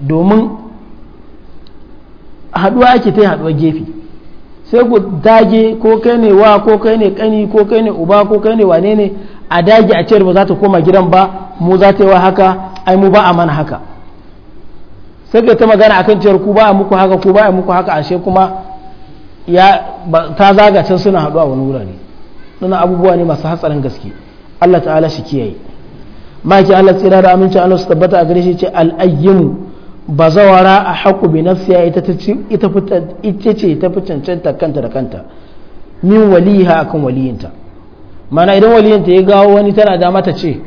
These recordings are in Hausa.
domin haduwa ake ta yi haduwa gefe sai ku dage ko kai ne wa ko kai ne kani ko kai ne uba ko kai ne wane ne a dage a ciyar ba za ta koma gidan ba mu za ta yi wa haka ai mu ba a mana haka sai ka ta magana akan ciyar ku ba a muku haka ku ba a muku haka ashe kuma ya ta zaga can suna haduwa wani wurare nuna abubuwa ne masu hatsarin gaske Allah ta'ala shi kiyaye maki Allah tsira da amincin Allah su tabbata a gare shi ce al'ayyimu Ba zawara a haƙu bi nafsiya ita ce ta fi cancanta kanta da kanta min waliha akan waliyinta mana idan waliyinta ya gawo wani tana da mata ce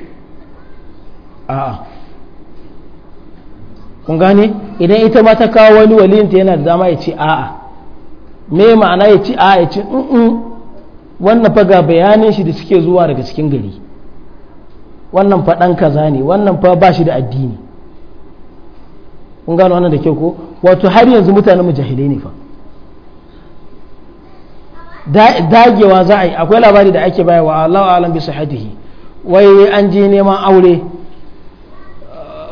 a'a kun gane idan ita ma ta kawo wani waliyinta yana da dama ya ce a'a me ma'ana ya ce a'a ya ce in wannan fa ga bayanin shi da suke zuwa daga cikin gari wannan fa ɗan kaza ne wannan fa ba shi da addini kun gano wannan da kyau ko wato har yanzu mutanen mu jahilai ne fa dagewa za a yi akwai labari da ake bayarwa Allah alam bi sahihi wai an je neman aure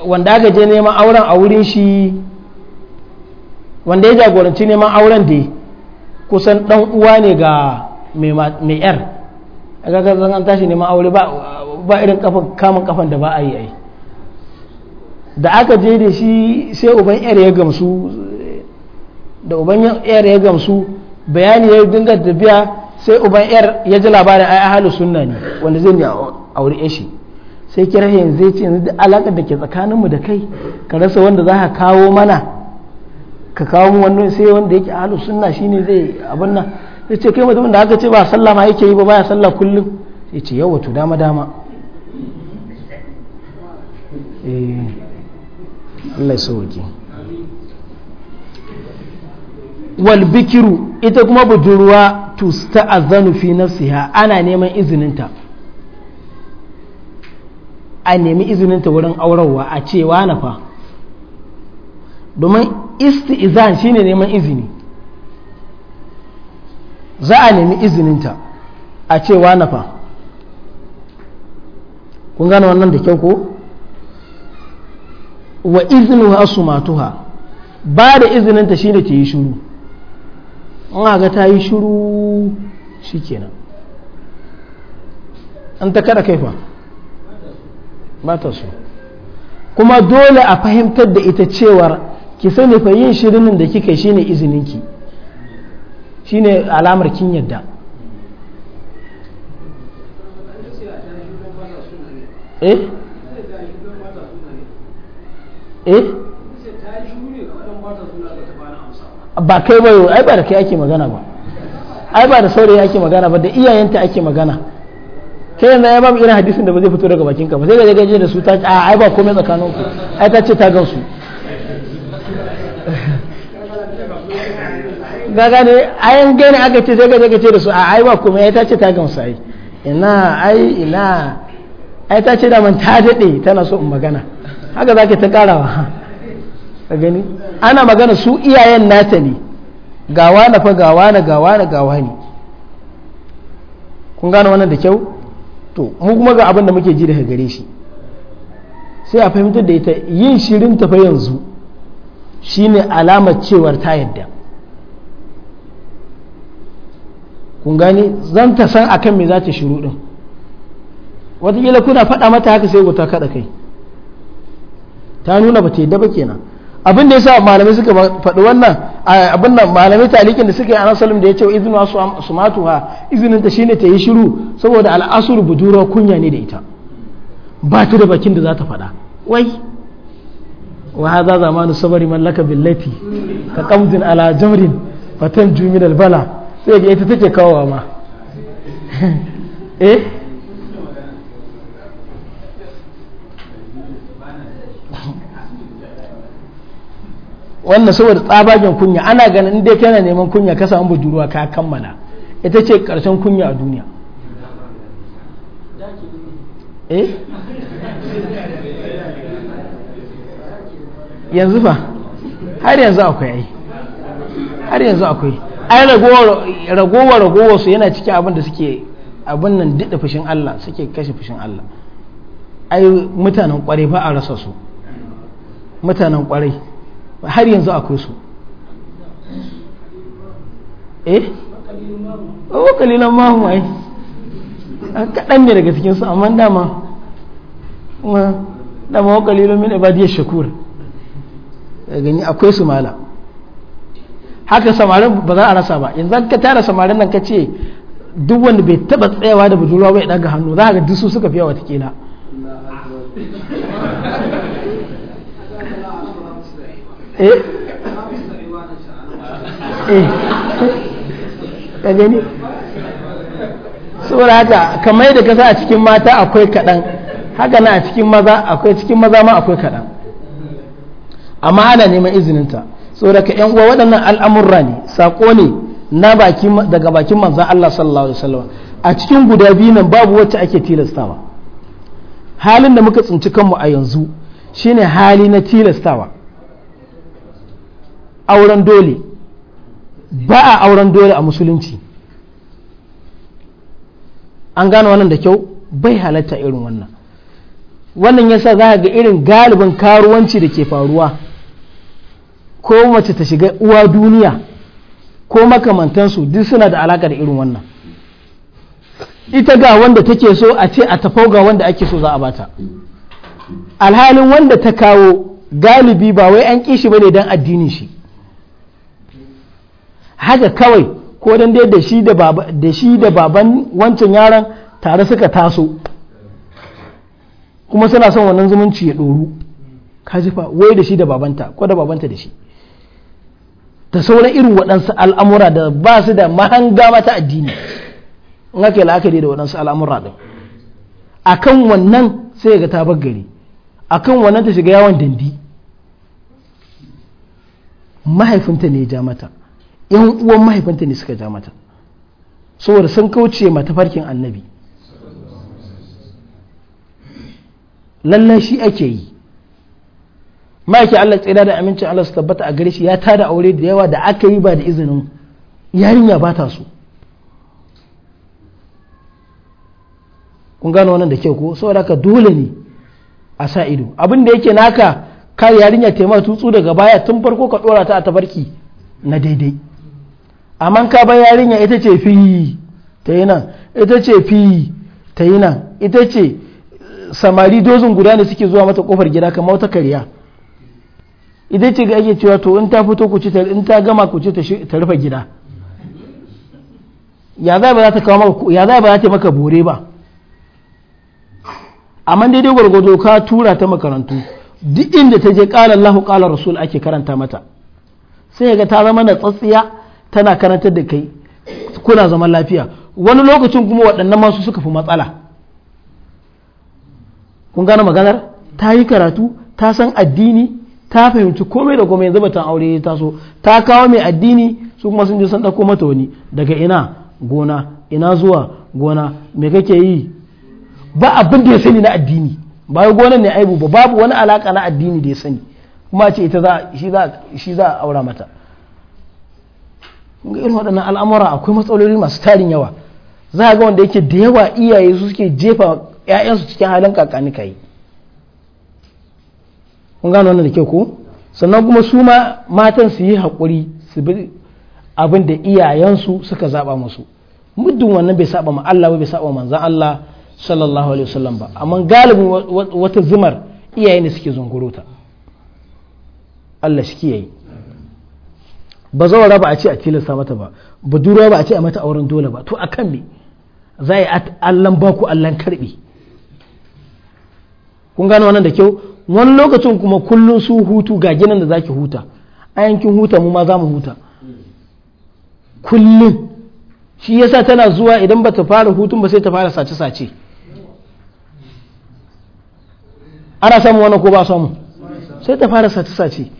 wanda aka je neman auren a wurin shi wanda ya jagoranci neman auren da kusan dan uwa ne ga mai yar a ga an tashi neman aure ba irin kafin kamun kafan da ba a yi ai da aka je da shi sai uban yar ya gamsu da uban yar ya gamsu bayani ya dinga tafiya sai uban yar ya ji labarin ai ahlus sunna ne wanda zai ne aure shi sai kira yanzu zai ce yanzu da alaƙar da ke tsakaninmu da kai ka rasa wanda za ka kawo mana ka kawo mu wannan sai wanda yake ahlus sunna shine zai abin nan sai ce kai mutumin da aka ce ba sallah ma yake yi ba baya sallah kullum sai ce yawa to dama dama eh Allah sauke wal bikiru ita kuma budurwa azanu fi nafsiha ana neman izininta a nemi izininta wurin aurarwa a cewa na fa domin isti'izan shine neman izini za a nemi izininta a cewa na fa kun gane wannan da kyau ko wa iznuha sumatuha ba da izininta shine ta yi shuru in ga ta yi shuru shikenan an ta kada kaifa ba ta so kuma dole a fahimtar da ita cewar ki sani fa yin shirinin da kika shine izininki shine alamar kin yadda eh Eh? ba kai ba ai ba da kai ake magana ba ai ba da saurayi ake magana ba da iyayenta ake magana kai yanzu ai babu irin hadisin da ba zai fito daga bakin ka ba sai ga gaje da su ta a ai ba komai tsakanin ku ai ta ce ta gan su gaga ne ayan gani aka ce sai gaje ce da su a ai ba komai ai ta ce ta gan su ai ina ai ina ai ta ce da man ta dade tana so in magana haka za ta karawa ka gani ana magana su iyayen nata ne gawa na fa gawa na gawa na gawa ne kun gane wannan da kyau to mu kuma ga abin da muke ji daga gare shi sai a fahimtar da ita yin shirin tafa yanzu shine alamar cewar ta yadda kun gani zan ta san akan me za ta shiru din wataƙila kuna faɗa mata haka sai wuta kaɗa kai ta nuna ba ta yadda ba kenan abin da yasa malamai suka faɗi wannan abin nan malamai talikin da suka yi anan salim da ya ce sumatu ha izinin ta shine ta yi shiru saboda al'asur budura kunya ne da ita ba ta da bakin da za ta faɗa wai wa hadha zamanu sabari mallaka billati ka qamdin ala jamrin fatan jumil bala sai ga ita take kawowa ma eh wannan saboda tsabagen kunya ana ganin inda yake kana neman kunya ka samu budurwa ka kammala ita ce karshen kunya a duniya eh? yanzu fa har yanzu akwai ai har yanzu akwai ai ragowa ragowa su yana cikin abin da suke abin nan dida fushin Allah suke kashe fushin Allah ai mutanen kwarai ba a rasa su mutanen kwarai har yanzu akwai su eh o oh, kalilan mahu ai an ah, kaɗan ne daga cikin su amma dama dama wa ba min ibadiyar shakur gani akwai su mala haka samarin ba za a rasa ba yanzu ka tara samarin nan ka ce duk wanda bai taba tsayawa da budurwa bai daga hannu za ka ga dusu suka fiya watakila Eh? Eh. ka gani saboda haka kamar ka kasa a cikin mata akwai kaɗan haka na a cikin maza akwai cikin maza ma akwai kaɗan amma ana neman izininta saboda ka yan uwa waɗannan al'amurra ne saƙo ne na baki daga bakin manzan Allah sallallahu alaihi wasallam a cikin guda biyu nan babu wacce ake tilastawa halin da muka tsinci kanmu a yanzu shine hali na tilastawa auren dole ba a auren dole a musulunci an gane wannan da kyau bai halatta irin wannan wannan yasa za ga irin galibin karuwanci da ke faruwa ko mace ta shiga uwa duniya ko makamantansu duk suna da alaka da irin wannan ita ga wanda take so a ce a tafau ga wanda ake so za a bata alhalin wanda ta kawo galibi ba wai an kishi bane dan addinin shi haka kawai ko dan dai da shi da baba da shi da baban wancan yaron tare suka taso kuma suna son wannan zumunci ya doru ka ji fa wai da shi da babanta ko da babanta da shi da sauran irin waɗansu al'amura da ba su da mahanga mata addini in ake yi la'akari da waɗansu al'amura ɗin a kan wannan sai ga ta gari a kan wannan ta shiga yawon dandi mahaifinta ne ya ja mata yan uwan mahaifanta ne suka ja mata saboda sun kauce mata farkin annabi lallai shi ake yi ma'aikin Allah tsira da amincin Allah su tabbata a gare shi ya tada aure da yawa da aka yi ba da izinin yarinya ba ta so kun gano wannan da kyau ko saboda haka dole ne a sa ido abin da yake naka ka yarinya taimaka tutsu daga baya tun farko ka dora ta a tabarki na daidai amma ka ba yarinya ita ce fi ta yi nan ita ce fi ta yi nan ita ce samari dozin guda ne suke zuwa mata kofar gida kamar wata karya ita ce ga ake cewa to in ta fito ku ci in ta gama ku ci ta rufe gida ya za ba za ta kawo maka ya za ba za ta maka bore ba amma daidai gwargwado ka tura ta makarantu duk inda ta je qala Allahu qala rasul ake karanta mata sai ga ta zama na tsatsiya tana karantar da kai kuna zaman lafiya wani lokacin kuma waɗannan masu suka fi matsala kun gane maganar ta yi karatu ta san addini ta fahimci komai da komai yanzu batan aure ya taso ta kawo mai addini su kuma sun je san ɗauko mata wani daga ina gona ina zuwa gona me kake yi ba abin da ya sani na addini ba gonan ne aibu ba babu wani alaka na addini da ya sani kuma ce shi za a aura mata ga irin waɗannan al'amura akwai matsaloli masu tarin yawa za a ga wanda yake da yawa iyaye su suke jefa 'ya'yansu cikin halin kakani kai kun gano wannan da ke ko sannan kuma su ma matan su yi haƙuri su bi abin da iyayensu suka zaɓa musu muddin wannan bai saba ma Allah bai saba manzan Allah sallallahu alaihi wasallam ba amma galibin wata zumar iyaye ne suke zunguruta Allah shi kiyaye ba zo ba a ce a tilasta mata ba budurwa ba a ce a mata auren dole ba to a kan me za yi allan baku allan karbi kun gano wannan da kyau wani lokacin kuma kullum su hutu ga ginin da zaki huta a yankin huta mu ma za mu huta kullum shi yasa tana zuwa idan ba ta fara hutun ba sai ta fara sace-sace ana samu wani ko ba samu sai ta fara sace-sace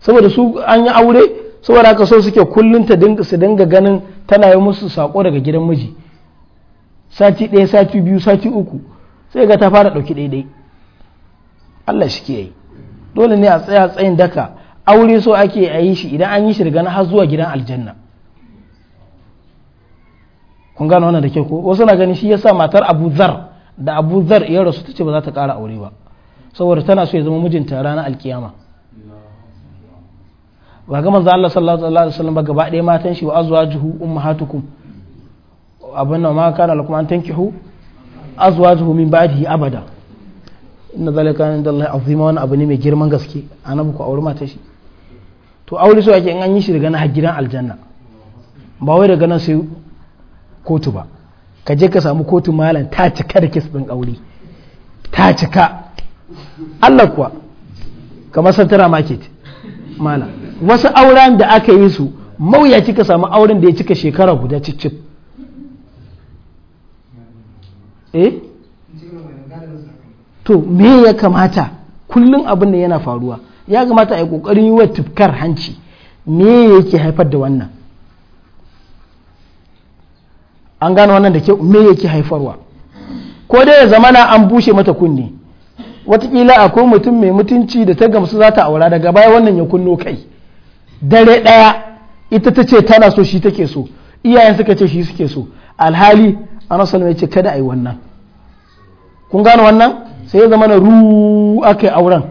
saboda su an yi aure saboda haka so suke kullum ta su dinga ganin tana yi musu sako daga gidan miji sati ɗaya sati biyu sati uku sai ga ta fara ɗauki daidai Allah shi ke yi dole ne a tsaya tsayin daka aure so ake a yi shi idan an yi shi daga har zuwa gidan aljanna kun gano wannan da ke ko wasu na gani shi ya sa matar Abu Zar da Abu Zar ya rasu ta ce ba za ta kara aure ba saboda tana so ya zama mijinta ranar alkiyama ba ga manzo Allah sallallahu alaihi wasallam ba gaba ɗaya matan shi wa azwajuhu ummahatukum abin nan ma kana lakum an tankihu azwajuhu min ba'dihi abada inna zalika inda Allah azima wani abu ne mai girman gaske annabi ku aure matan shi to aure so yake in an yi shi daga na gidan aljanna ba wai daga nan sai kotu ba ka je ka samu kotu malam ta cika da kis din aure ta cika Allah kuwa kamar santara market malam wasu auren da aka yi su mawuyaci ka samu auren da ya cika shekara guda cicif eh to me ya kamata kullum abin da yana faruwa ya kamata a yi kokarin yi wa tufkar hanci me yake haifar da wannan an gano wannan da ke me yake haifarwa ko dai ya zamana an bushe mata kunne watakila akwai mutum mai mutunci da ta gamsu za ta aura daga baya wannan ya kunno kai dare ɗaya ita ta ce tana so shi take so iyayen suka ce shi suke so alhali ana salama ya ce kada a yi wannan kun gane wannan sai ya zama na ru aka yi auren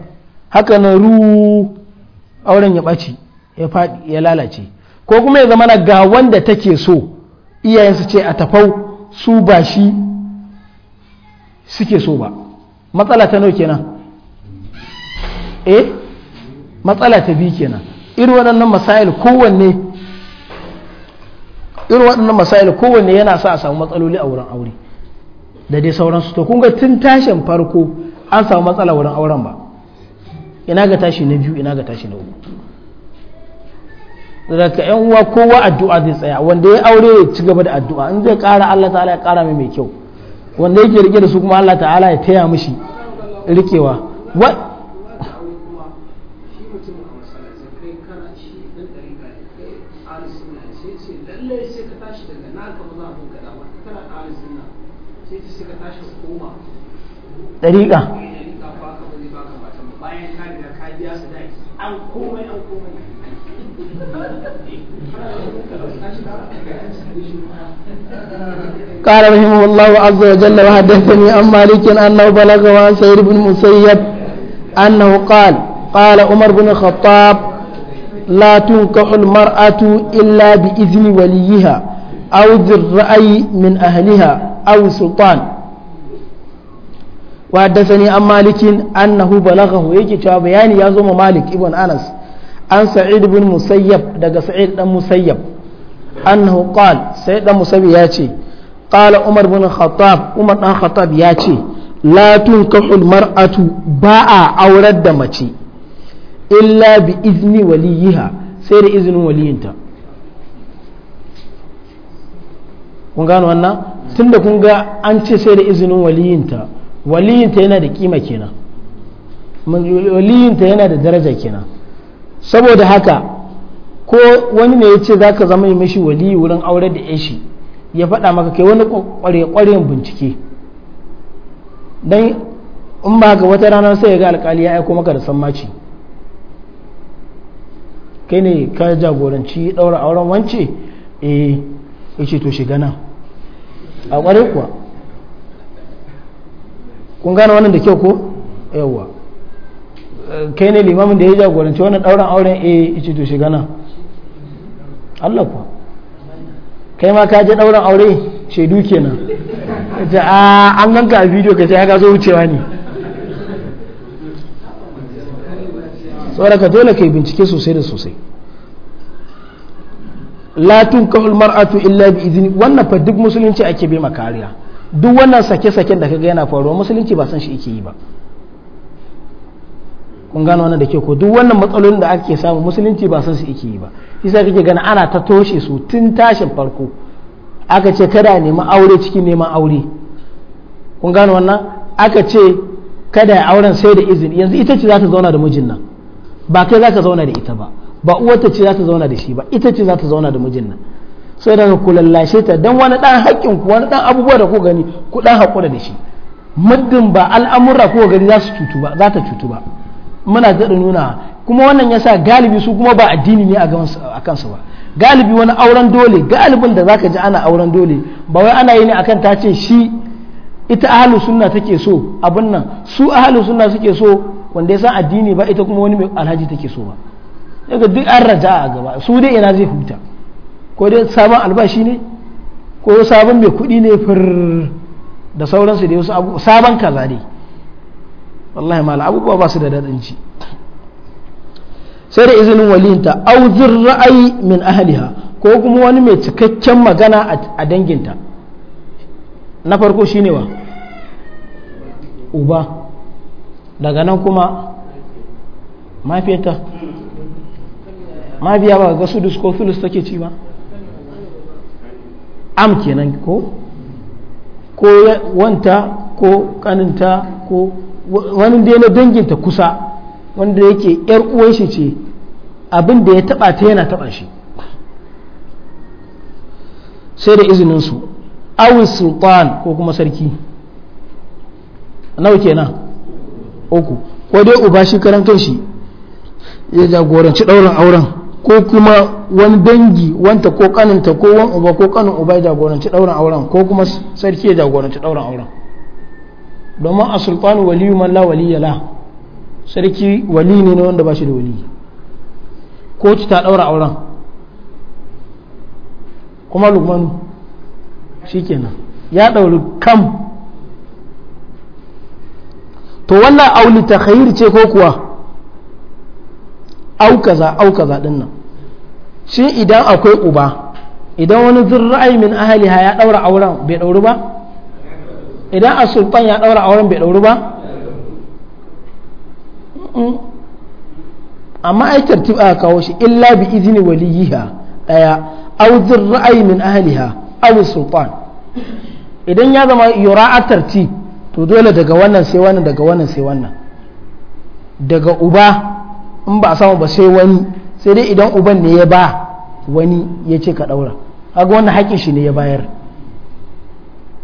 haka na ru auren ya ɓaci ya lalace ko kuma ya zama na ga wanda take so iyayen su ce a tafau su ba shi suke so ba matsala ta nau kenan eh matsala ta biyu kenan irin waɗannan masail kowanne irin waɗannan masail kowanne yana sa a samu matsaloli a wurin aure da dai sauransu to kun ga tun tashin farko an samu matsala wurin auren ba ina ga tashi na biyu ina ga tashi na uku daga yan uwa kowa addu'a zai tsaya wanda ya aure ya ci gaba da addu'a in zai kara Allah ta'ala ya kara mai mai kyau wanda yake rike da su kuma Allah ta'ala ya taya mishi rikewa طريقة قال رحمه الله عز وجل وحدثني عن مالك أنه بلغ عن سير بن مسيب أنه قال قال عمر بن الخطاب لا تنكح المرأة إلا بإذن وليها أو ذي الرأي من أهلها أو سلطان wa dasani an malikin annahu balaghahu yake cewa bayani ya zo ma malik ibn anas an sa'id ibn musayyab daga sa'id dan musayyab annahu qal sa'id dan musayyab ya ce qala umar ibn khattab umar dan khattab ya ce la tunkahu mar'atu ba'a aurar da mace illa bi izni waliyiha sai da izinin waliyinta kun gano wannan tunda kun ga an ce sai da izinin waliyinta waliyinta yana da kima kenan waliyinta yana da daraja kenan saboda haka ko wani ne ya ce za ka zama mishi waliyi wurin aure da shi ya faɗa maka kai wani ƙwarƙwarin bincike don in ba ga wata rana sai ya ga alƙali ya aiko maka da sammaci kai ne ka jagoranci ɗaura auren wance eh ya ce to shiga nan a ƙwarai kuwa kun gane wannan da kyau ko yawwa kai ne limamin da ya jagoranci wannan ɗauran auren a eh, ice to shiga nan Allah kuwa kai ma ka je ɗauran aure shaidu kenan ta a ah, an ganka a bidiyo ka ce ya zo wucewa ne saboda dole ka yi bincike sosai da sosai latin tunkahul mar'atu illa bi izini wannan fa duk musulunci ake bai makariya duk wannan sake-saken da kaga yana faruwa musulunci ba san shi yake yi ba kun gano wannan da ke ko duk wannan matsalolin da ake samu musulunci ba san shi yake yi ba isa kake gana ana ta toshe su tun tashin farko aka ce kada neman aure cikin neman aure kun gano wannan aka ce kada ya auren sai da izini yanzu ita ce za ta zauna da mijin nan ba kai za ka zauna da ita ba ba uwarta ce za ta zauna da shi ba ita ce za ta zauna da mijin nan sai daga ku lallashe ta dan wani dan haƙƙin ku wani dan abubuwa da ku gani ku dan haƙura da shi muddin ba al'amura ko gani za su cutu ba za ta cutu ba muna daɗa nuna kuma wannan yasa galibi su kuma ba addini ne a kansu ba galibi wani auren dole galibin da zaka ji ana auren dole ba wai ana yi ne akan ta ce shi ita ahlu sunna take so abin nan su ahlu sunna suke so wanda yasa addini ba ita kuma wani mai alhaji take so ba daga duk an raja a gaba su dai ina zai huta ko dai sabon albashi ne ko sabon mai kuɗi ne fir da sauransu da wasu abubuwa sabon kaza ne wallahi mala abubuwa ba su da daɗin ci sai da izinin walinta auzir ra'ayi min ahliha ko kuma wani mai cikakken magana a danginta na farko shi ne wa uba daga nan kuma mafiyata mafiya ba ga su disko take ci ba am kenan ko ko wanta ko kaninta ko wani da na danginta kusa wanda yake yar uwan shi ce abin da ya taba ta yana taba shi sai da izinin su awin sultan ko kuma sarki nawa kenan uku ko dai uba shi karan kanshi ya jagoranci ɗaurin auren ko kuma wani dangi wanta ko kaninta ko wani uba ko kanin uba ya jagoranci dauran auren ko kuma sarki ya jagoranci dauran auren domin a sulfani waliyu man la waliya la sarki wali ne na wanda ba shi da wali ko ci ta ɗaura auren kuma lukmanu kenan ya dauri kam to wannan auli ta ce ko kuwa aukaza aukaza dinnan, kaza nan shi idan akwai uba idan wani ra'ayi min ha ya daura auren bai dauri ba idan a sultan ya daura auren bai dauri ba amma ai tartib aka kawo shi illa bi izini waliyiha daya au ra'ayi min ha aw sultan idan ya zama yura'a tartib to dole daga wannan sai wannan daga wannan sai wannan daga uba in ba a samu ba sai wani sai dai idan uban ne ya ba wani ya ce ka ɗaura haka wannan haƙin shi ne ya bayar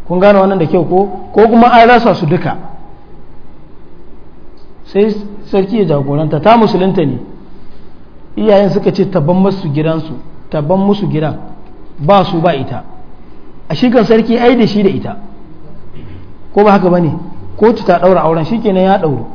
kun gane wannan da kyau ko ko kuma an rasa su duka sai sarki ya jagoranta ta musulunta ne iyayen suka ce taban musu gidansu taban musu gidan ba su ba ita a shigan sarki ai da shi da ita ko ba haka ba ne kotu ta ɗaura auren shi kenan ya ɗaura.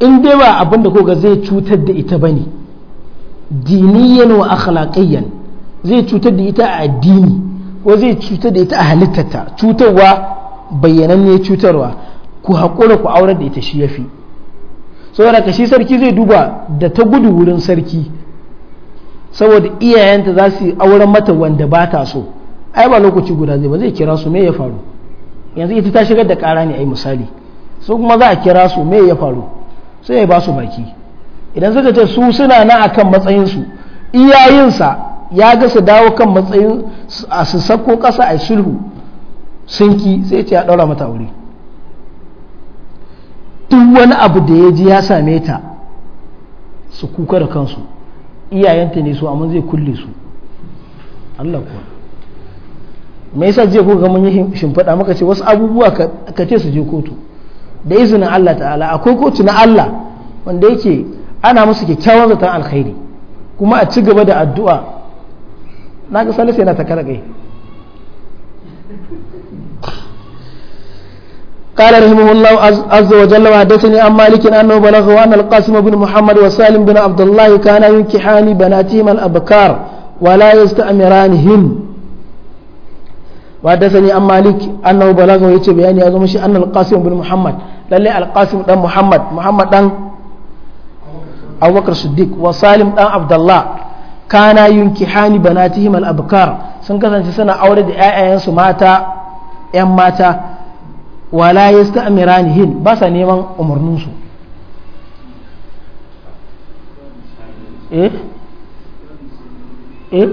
in dai ba abin da koga zai cutar da ita bane diniyan wa akhlaqiyan zai cutar da ita a addini ko zai cutar da ita a halittata. cutarwa ne cutarwa ku haƙura ku aurar da ita shi yafi saboda ka shi sarki zai duba da ta gudu wurin sarki saboda iyayenta za su auren mata wanda ba ta so ai ba lokaci guda zai ba zai kira su me ya faru yanzu ita ta shigar da kara ne ai misali su kuma za a kira su me ya faru sai ya ba su baki idan suka ce su suna na a akan matsayinsu iyayensa ya ga su dawo kan matsayin a su sako kasa a sulhu sun ki sai ce ya ɗaura mata wuri duk wani abu da ya ji ya same ta su kuka da kansu iyayenta ne su amma zai kulle su Allah kuwa me yasa jiya ko ga mun yi shimfiɗa maka ce wasu abubuwa ka ce su je kotu da izinin Allah ta'ala akwai kotu na Allah wanda yake ana musu kyakkyawan zaton alkhairi kuma a ci gaba da addu'a na ga salisu yana ta karagai قال رحمه الله عز وجل وحدثني عن مالك انه بلغه ان القاسم بن محمد وسالم بن عبد الله كانا ينكحان بناتهما الابكار ولا يستأمرانهن وحدثني عن مالك انه بلغه يتي بياني يا مشي ان القاسم بن محمد لله القاسم دان محمد محمد دان ابو بكر الصديق وسالم دان عبد الله kana yunkihani banatihim al sun kasance suna aure da ƴaƴayensu mata yan mata wala hin ba sa neman umarninsu. eh eh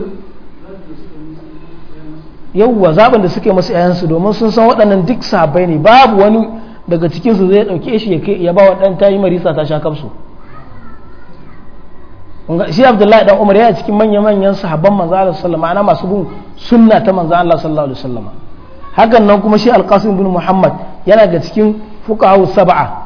yawwa zaben da suke masu yayansu domin sun san waɗannan duk sabai ne babu wani daga cikin su zai dauke shi ya kai ya ba wa dan tayi marisa ta sha kafsu shi abdullahi dan umar yana cikin manya manyan sahabban manzo Allah sallallahu alaihi masu bin sunna ta manzo Allah sallallahu alaihi wasallam hakan nan kuma shi alqasim bin muhammad yana ga cikin fuqahu sab'a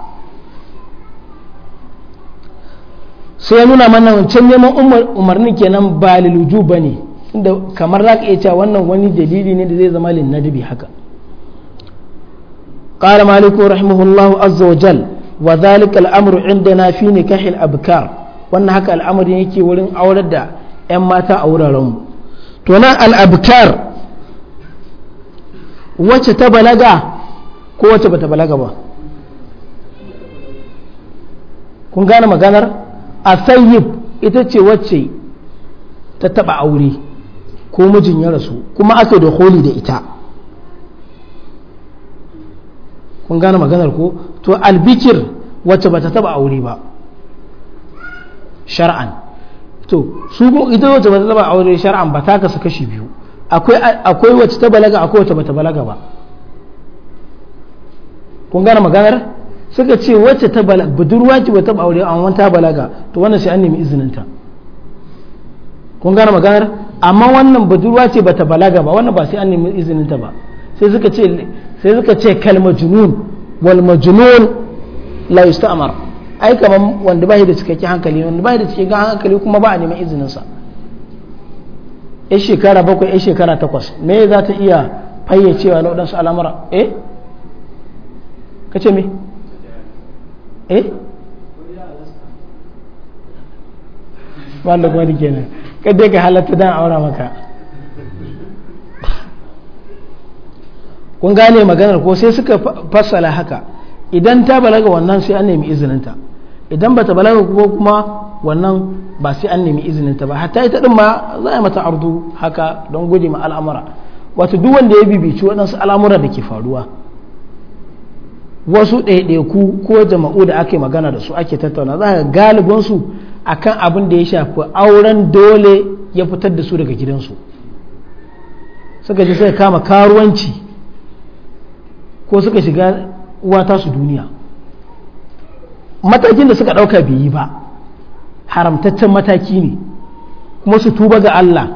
sai ya nuna mana can neman umarni kenan ba wujub bane inda kamar za ka iya cewa wannan wani dalili ne da zai zama lin nadbi haka qala maliku rahimahullahu azza wa jal wa dhalika al-amru indana fi nikah al-abkar wannan haka al'amarin yake wurin aurar da yan mata a wuraren mu to nan al-abkar wacce ta balaga ko wacce bata balaga ba kun gane maganar a ita ce wacce ta taba aure ko mijin ya rasu kuma aka da holi da ita kun gane maganar ko to albikir wacce ba ta taba aure ba shar'an to su ko ita wacce ba ta taba aure shar'an ba ta kasu kashi biyu akwai wacce ta balaga akwai wacce ba ta balaga ba kun gane maganar suka ce wacce ta balaga budurwa ce ba ta aure an ta balaga to wannan sai an nemi izinin ta kun gane maganar amma wannan budurwa ce bata balaga ba wannan ba sai an nemi izinin ta ba sai suka ce sai suka ce kalmajunun wal majnun la yusta'mar ai kaman wanda bai da cikakken hankali wanda bai da cikakken hankali kuma ba a neman izinin sa ya shekara bakwai ya shekara takwas me za ta iya fayyacewa na waɗansu al'amura eh kace me eh ba da gwani kenan Kadai ka halatta dan aura maka kun gane maganar ko sai suka fassala haka idan ta balaga wannan sai an nemi izininta idan bata balaga ko kuma wannan ba sai an nemi izininta ba hatta ita din ma za a mata ardu haka don guje ma al'amura wato duk wanda ya bibici waɗansu al'amura da ke faruwa wasu ɗaiɗaiku ko jama'u da ake magana da su ake tattauna za a galibinsu akan abin da ya shafi auren dole ya fitar da su daga gidansu suka je suka kama karuwanci ko suka shiga uwata su duniya matakin da suka ɗauka bai yi ba haramtaccen mataki ne kuma su tuba ga Allah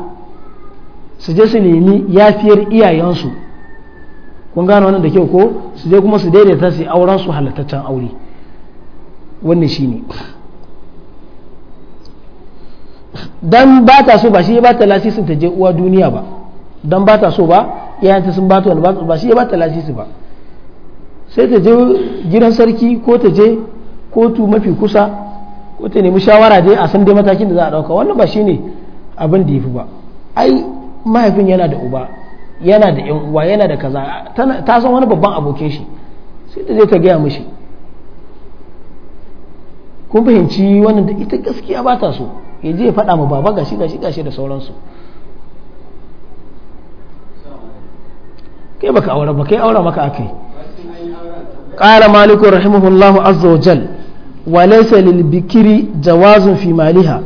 su je su nemi yafiyar iyayensu kun gano wannan da kyau ko su je kuma su daidaita su auren su halattaccen aure wannan shine ne dan ba ta so ba shi ba ta lasisi ta je uwa duniya ba dan ba ta so ba iyayenta sun ba ta wani ba shi ba ta lasisi ba sai ta je gidan sarki ko ta je kotu mafi kusa ko ta nemi shawara dai a san dai matakin da za a dauka wannan ba shine abin da yafi ba ai mahaifin yana da uba yana da yan uwa yana da kaza ta san wani babban abokin shi sai ta je ta gaya mishi kun fahimci wannan da ita gaskiya ba ta so ya ya faɗa ma baba gashi gashi gashi da sauransu kai baka aure ba kai aure maka akai qala malik rahimahullahu azza wa jal wa laysa lil bikri jawazun fi maliha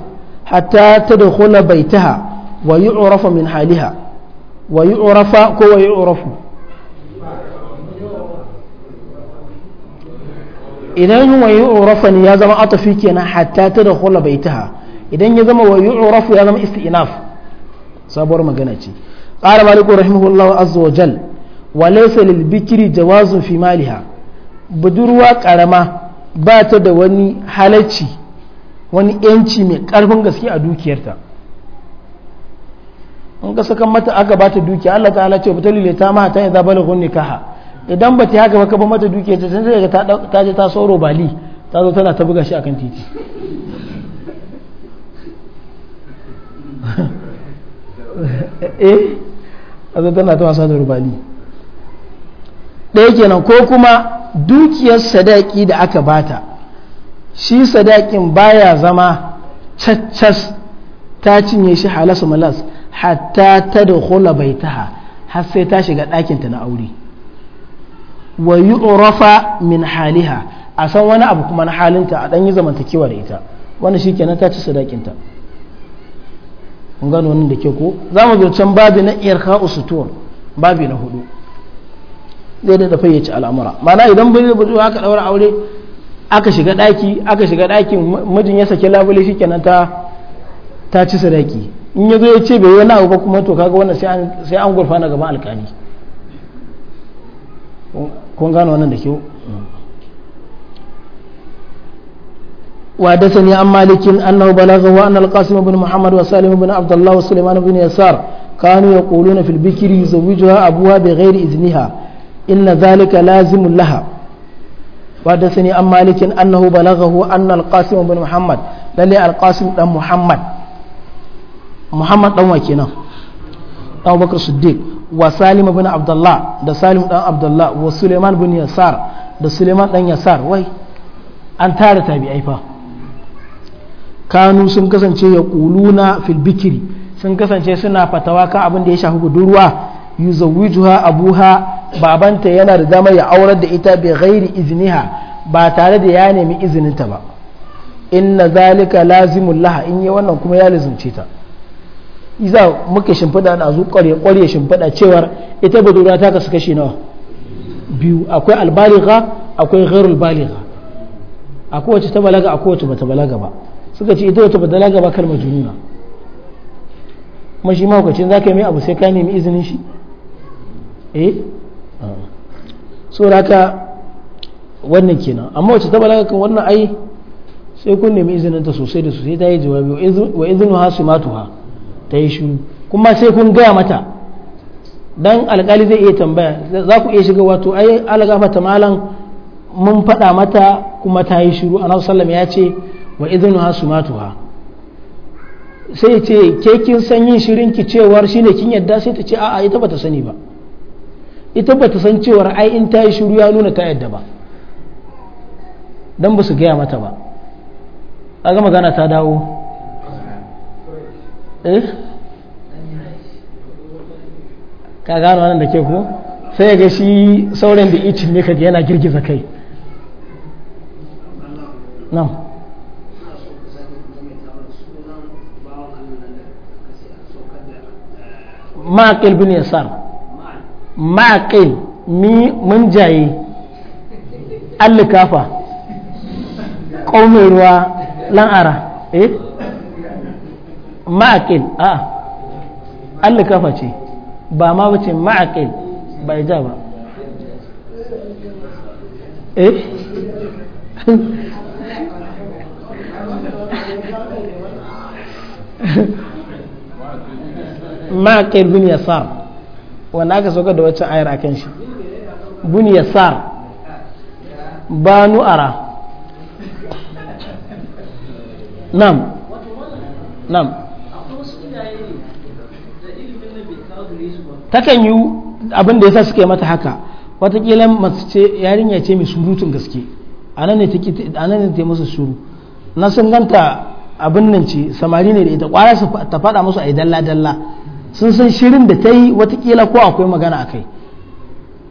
hatta tadkhula baytaha wa yu'rafa min haliha wa yu'rafa ko wa yu'rafu idan wa yu'rafu ne ya zama atafi kenan hatta ta da kula bai ta idan ya zama wa yu'rafu ya zama isti'naf sabuwar magana ce qala maliku rahimahullahu azza wa jal wa laysa lil bikri jawazun fi maliha budurwa karama ba ta da wani halacci wani yanci mai karfin gaske a dukiyarta in ka saka mata aka bata dukiya Allah ta'ala ce ba ta lilita ma ta idza balagun nikaha idan ba ta haka ba kaba mata duke ta sun daga ta je ta sauro bali ta zo tana ta buga shi akan titi eh a zo tana ta wasa da rubali ɗaya kenan ko kuma dukiyar sadaki da aka bata shi sadakin baya zama caccas ta cinye shi halas malas hatta ta da hula baitaha har sai ta shiga ɗakinta na aure wa yu'rafa min haliha a san wani abu kuma na halinta a dan yi zamantakewa da ita wannan kenan ta ci sadakinta kun gano wannan da ke ko za mu zo can babi na irka usutur babi na hudu zai da ci al'amura mana idan bai da aka daura aure aka shiga daki aka shiga dakin mijin ya sake labule kenan ta ta ci sadaki in ya zo ya ce bai wani abu ba kuma to kaga wannan sai an gurfana gaban alkali kun gano wannan da kyau وحدثني عن مالك أنه بلغه أن القاسم بن محمد وسالم بن عبد الله وسليمان بن يسار كانوا يقولون في البكر يزوجها أبوها بغير إذنها إن ذلك لازم لها وحدثني عن مالك أنه بلغه أن القاسم بن محمد للي القاسم بن محمد محمد دون وكينا أبو بكر الصديق wa salim bin abdullah da salim dan abdullah wa suleiman bin yasar da suleiman dan yasar wai an tara tabi'ai fa kanu sun kasance ya kuluna fil bikri sun kasance suna fatawa kan abin da ya shafi budurwa a abuha babanta yana da damar ya aurar da ita bi ghairi izniha ba tare da ya nemi izininta ba inna zalika lazimul laha in yi wannan kuma ya lazimce ta iza muke shimfiɗa na zu ƙwarya shimfiɗa cewar ita budura ta kasu kashi nawa biyu akwai albaliga akwai gharul baliga akwai wacce ta balaga akwai wacce bata balaga ba suka ce ita wacce bata balaga ba kalmar jununa kuma shi mahaukacin za ka yi mai abu sai ka nemi izinin shi eh so haka wannan kenan amma wacce ta balaga kan wannan ai sai kun nemi izinin ta sosai da sosai ta yi jawabi wa izinu ha su matuha ta yi shiru kuma sai kun gaya mata dan alkali zai iya tambaya za ku iya shiga wato ai alaga mata malam mun faɗa mata kuma ta yi shiru annabi sallam ya ce wa idnuha sumatuha sai ce ke kin san yin shirin ki cewar shine kin yadda sai ta ce a'a ita bata sani ba ita bata san cewar ai in ta yi shiru ya nuna ta yadda ba dan ba su gaya mata ba ga magana ta dawo eh ka gano wannan da ke ko sai ga shi sauran da icin ne ka yana girgiza kai nan maƙil bin sa maƙil mun jaye allikafa ƙaunar ruwa lan'ara eh ma'aqil a Allah kafa ce ba ma bace ma'aqil ba ja ba eh bin ya sa wanda aka sauka da wacce ayar kan shi bin sa banu ara nam nam takan yi abin da sa suka yi mata haka watakila masu ce yarinya ce mai surutun gaske anan ne ta yi masa suru na sun ganta abin nan ce samari ne da ita kwara ta faɗa masu a yi dalla-dalla sun san shirin da ta yi watakila ko akwai magana a kai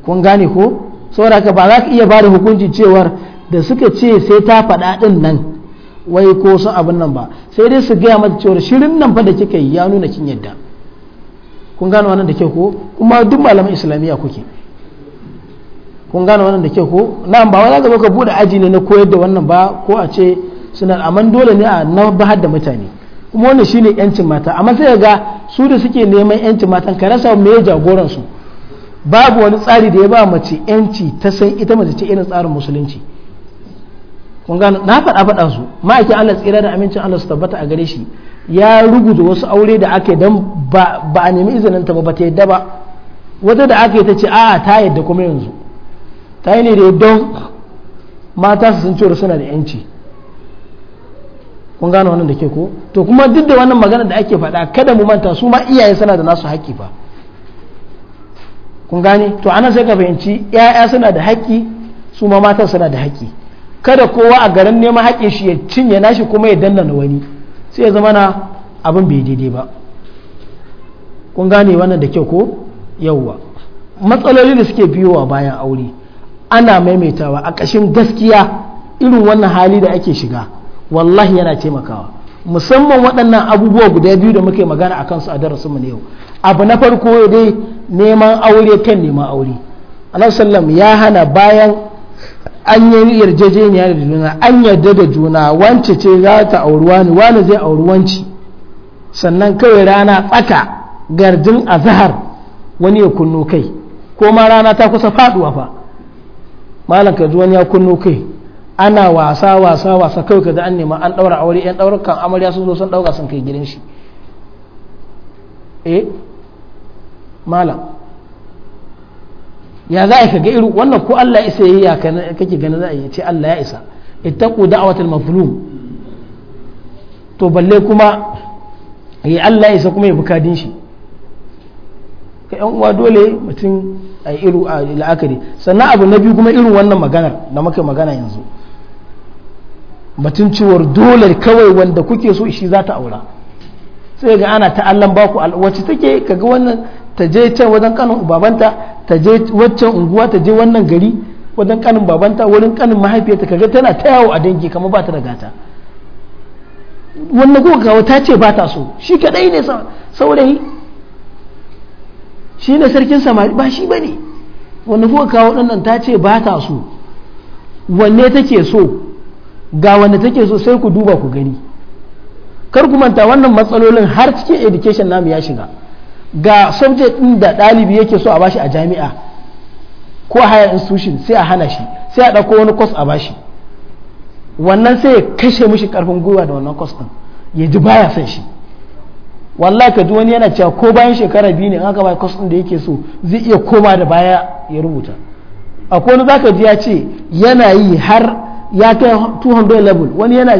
kun gane ko saboda ba za ka iya ba da hukunci cewar da suka ce sai ta faɗa ɗin nan wai ko sun abin nan ba sai dai su gaya mata cewar shirin nan fa da kika yi ya nuna kin yadda kun gane wannan da ke ko kuma duk malaman islamiyya kuke kun gane wannan da ke ko na'am ba wai za ka bude aji ne na koyar da wannan ba ko a ce suna amma dole ne a na bahar da mutane kuma wannan shine yancin mata amma sai ga su da suke neman yancin matan ka rasa me ya jagoran su babu wani tsari da ya ba mace yanci ta san ita mace ce irin tsarin musulunci kun gano na faɗa faɗa su ma'aikin Allah tsira da amincin Allah su tabbata a gare shi ya ruguza wasu aure da ake don ba a nemi izinin ta ba ba ta yadda ba wata da aka yi ta ce a ta yadda kuma yanzu ta yi ne da don mata su sun cewar suna da yanci kun gane wannan da ke ko to kuma duk da wannan magana da ake faɗa kada mu manta su ma iyaye suna da nasu haƙƙi fa kun gane to ana sai ka fahimci yaya suna da haƙƙi su ma mata suna da haƙƙi kada kowa a garin neman haƙƙin shi ya cinye nashi kuma ya danna na wani sai ya zama na abin bai daidai ba kun gane wannan da kyau ko yawwa matsaloli da suke biyowa bayan aure ana maimaitawa a ƙashin gaskiya irin wannan hali da ake shiga wallahi yana taimakawa musamman waɗannan abubuwa guda biyu da muke magana a kansu a darasinmu ne yau abu na farko dai neman aure kan neman aure sallam ya hana bayan an yi yarjejeniya da juna an yarda da juna wance ce za ta auri wani wani zai auri wanci sannan kawai rana tsaka gardin azhar wani ya kunno kai ko ma rana ta kusa faduwa fa malam ka wani ya kunno kai ana wasa wasa wasa kawai kaza an nema an ɗaura aure yan daurukan amarya sun zo sun dauka sun kai gidan shi eh malam ya za a ka ga irin wannan ko Allah isa yi ya kake gani za a yi ce Allah ya isa ittaqu da'watal to balle kuma ya Allah isa kuma ya bukadin shi ka yan uwa dole mutum a iru a la'akari sannan abu na biyu kuma irin wannan maganar da muka magana yanzu mutum ciwar dole kawai wanda kuke so shi za ta aura sai ga ana ta allan ku wacce take kaga wannan ta je can wajen kanin babanta ta je waccan unguwa ta je wannan gari wajen kanin babanta wurin kanin mahaifiyarta kaga tana ta yawo a dangi kamar ba ta da gata wannan kuka kawo ta ce ba ta so shi kadai ne saurayi shi ne sarkin samari ba shi ba ne wannan kuka kawo ɗannan ta ce ba ta so wanne take so ga wanda take so sai ku duba ku gani kar ku manta wannan matsalolin har cikin education namu ya shiga ga subject din da ɗalibi yake so a bashi a jami'a ko higher institution sai a hana shi sai a ɗauko wani course a bashi wannan sai ya kashe mishi karfin gwiwa da wannan course din ya ji baya son shi wallahi ka ji wani yana cewa ko bayan shekara biyu ne in aka bai course din da yake so zai iya koma da baya ya rubuta akwai wani zaka ji ya ce yana yi har ya kai 200 level wani yana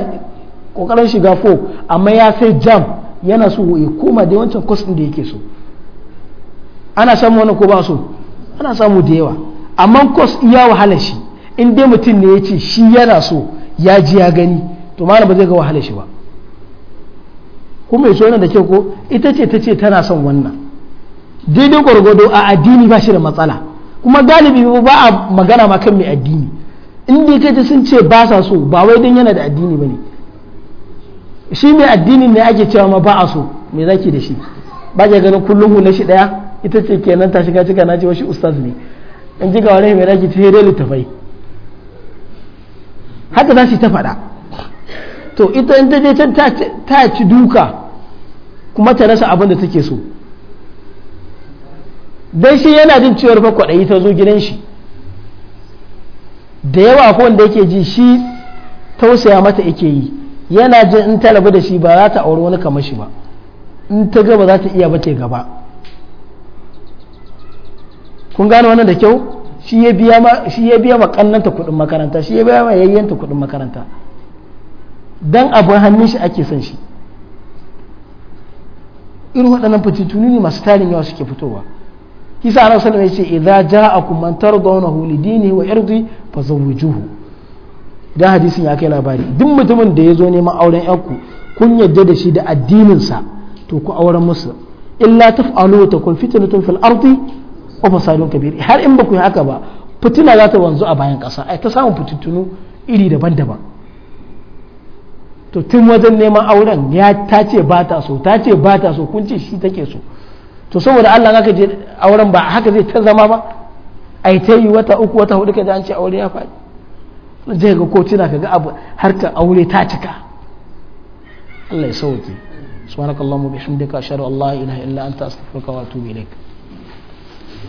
kokarin shiga fo amma ya sai jam yana so ya koma da wancan kwas da yake so ana samu wani ko ba so ana samu da yawa amma kwas iya wahala shi in dai mutum ne ya ce shi yana so ya ji ya gani to malam ba zai ga wahala shi ba kuma ya so yana da kyau ko ita ce ta ce tana son wannan daidai gwargwado a addini ba shi da matsala kuma galibi ba a magana ma kan mai addini in dai kai sun ce ba sa so ba wai dan yana da addini ne. shi mai addinin ne ake cewa ma ba a so me zaki da shi ba ke ganin kullum hula shi daya ita ce kenan ta shiga cika na ce wasu ustaz ne in ji ga wani mai zaki ta dai littafai haka za su ta faɗa to ita in ta je can ta ci duka kuma ta rasa abin da take so dai shi yana jin cewar fa kwaɗayi ta zo gidan shi da yawa ko wanda yake ji shi tausaya mata yake yi yana jin in ta rabu da shi ba za ta auri wani kamar shi ba in ta gaba za ta iya ba ke gaba kun gane wannan da kyau shi ya biya ma shi ya biya kannanta kuɗin makaranta shi ya biya ma yayyanta kuɗin makaranta dan abin hannun shi ake son shi irin waɗannan tuni ne masu tarin yawa suke fitowa kisa ana ya ce wasallam yace idza ja'akum man tardawnahu lidinihi wa irdi fazawwijuhu dan hadisin ya kai labari duk mutumin da ya zo neman auren yanku kun yadda da shi da addininsa to ku auren musu illa taf'alu takun fitnatun fil ardi wa fasadun kabir har in ba ku yi haka ba fitina za ta wanzu a bayan kasa ai ta samun fitintunu iri daban-daban to tun wajen neman auren ya ta ce ba ta so ta ce ba ta so kun ce shi take so to saboda Allah zaka je auren ba haka zai ta zama ba ai ta yi wata uku wata hudu ka an ce aure ya faɗi zai ga kotuna ka ga abu harkar aure ta cika Allah ya sauke subhanakallahumma bihamdika ashhadu an la ilaha illa anta astaghfiruka wa atubu ilaik